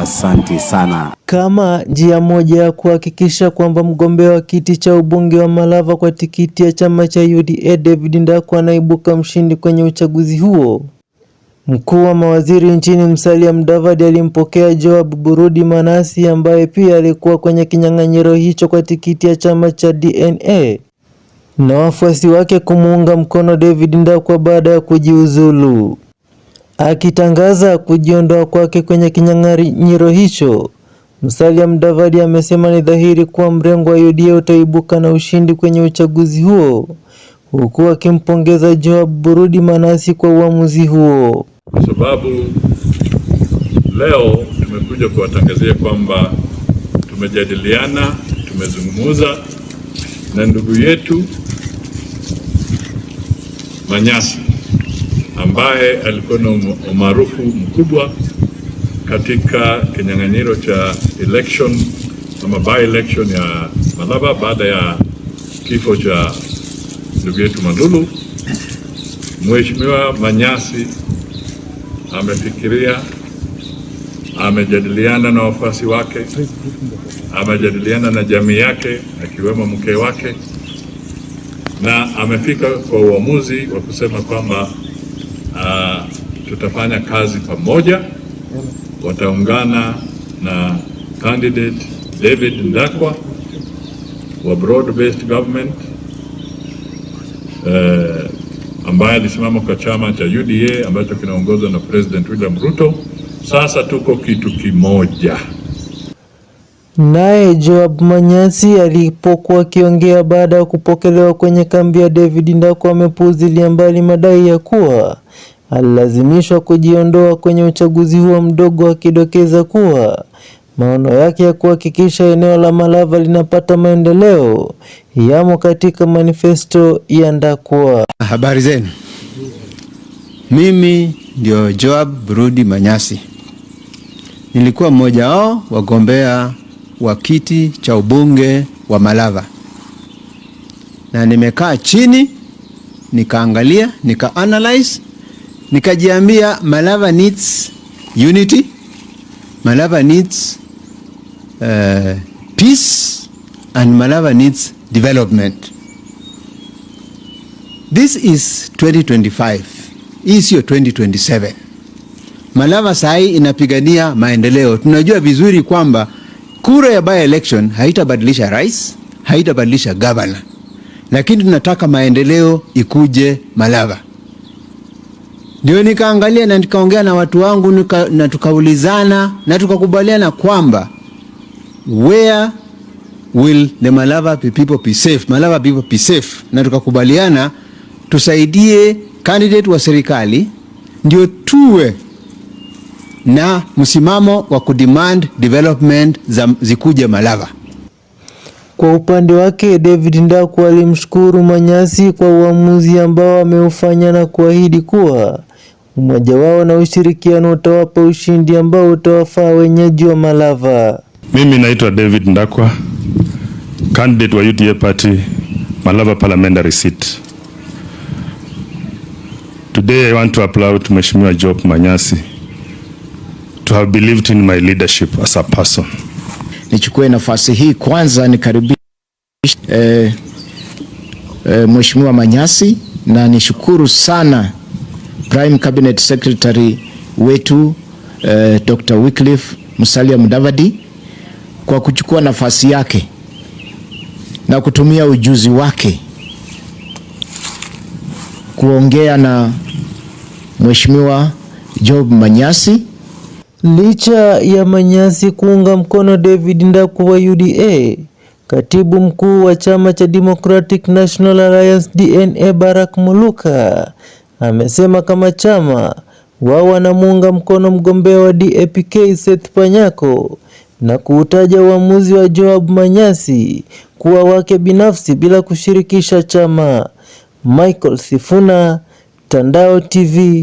Asanti sana. Kama njia moja ya kuhakikisha kwamba mgombea wa kiti cha ubunge wa Malava kwa tikiti ya chama cha UDA David Ndakwa anaibuka mshindi kwenye uchaguzi huo, mkuu wa mawaziri nchini Musalia Mudavadi alimpokea Joab Burudi Manasi ambaye pia alikuwa kwenye kinyang'anyiro hicho kwa tikiti ya chama cha DNA na wafuasi wake kumuunga mkono David Ndakwa baada ya kujiuzulu. Akitangaza kujiondoa kwake kwenye kinyang'anyiro hicho, Musalia Mudavadi amesema ni dhahiri kuwa mrengo wa UDA utaibuka na ushindi kwenye uchaguzi huo, huku akimpongeza Joab Burudi Manasi kwa uamuzi huo. Kwa sababu leo tumekuja kuwatangazia kwamba tumejadiliana, tumezungumza na ndugu yetu Manyasi ambaye alikuwa na umaarufu mkubwa katika kinyang'anyiro cha election ama by election ya Malaba baada ya kifo cha ndugu yetu Mandulu. Mheshimiwa Manyasi amefikiria, amejadiliana na wafuasi wake, amejadiliana na jamii yake akiwemo mke wake, na amefika kwa uamuzi wa kusema kwamba Ah, tutafanya kazi pamoja. Wataungana na candidate David Ndakwa wa broad based government eh, ambaye alisimama kwa chama cha UDA ambacho kinaongozwa na President William Ruto. Sasa tuko kitu kimoja. Naye Joab Manyasi alipokuwa akiongea baada ya kupokelewa kwenye kambi ya David Ndako amepuuzilia mbali madai ya kuwa alilazimishwa kujiondoa kwenye uchaguzi huo mdogo, akidokeza kuwa maono yake ya kuhakikisha eneo la Malava linapata maendeleo yamo katika manifesto ya Ndakwa. Habari zenu, mimi ndio Joab Rudi Manyasi, nilikuwa mmoja wao wagombea wa kiti cha ubunge wa Malava, na nimekaa chini nikaangalia, nika analyze, nikajiambia Malava needs unity, Malava needs uh, peace and Malava needs development. This is 2025. Hii sio 2027. Malava saa inapigania maendeleo. Tunajua vizuri kwamba Kura ya by election haitabadilisha rais, haitabadilisha gavana, lakini tunataka maendeleo ikuje Malava. Ndio nikaangalia na nikaongea na watu wangu nika, na tukaulizana na tukakubaliana kwamba where will the Malava people be safe, Malava people be safe, na tukakubaliana tusaidie candidate wa serikali ndio tuwe na msimamo wa kudemand development za zikuje Malava. Kwa upande wake David Ndaku alimshukuru Manyasi kwa uamuzi ambao ameufanya na kuahidi kuwa umoja wao na ushirikiano utawapa ushindi ambao utawafaa wenyeji wa Malava. Mimi naitwa David Ndakwa, candidate wa UDA party Malava parliamentary seat. Today I want to applaud Mheshimiwa Job Manyasi to have believed in my leadership as a person. Nichukue nafasi hii kwanza nikaribisha eh, eh, Mheshimiwa Manyasi na nishukuru sana Prime Cabinet Secretary wetu eh, Dr. Wycliffe Musalia Mudavadi kwa kuchukua nafasi yake na kutumia ujuzi wake kuongea na Mheshimiwa Job Manyasi Licha ya Manyasi kuunga mkono David ndaku wa UDA, katibu mkuu wa chama cha Democratic National Alliance DNA Barak Muluka amesema kama chama wao wanamuunga mkono mgombea wa DAPK Seth Panyako na kuutaja uamuzi wa Joab Manyasi kuwa wake binafsi bila kushirikisha chama. Michael Sifuna, Tandao TV.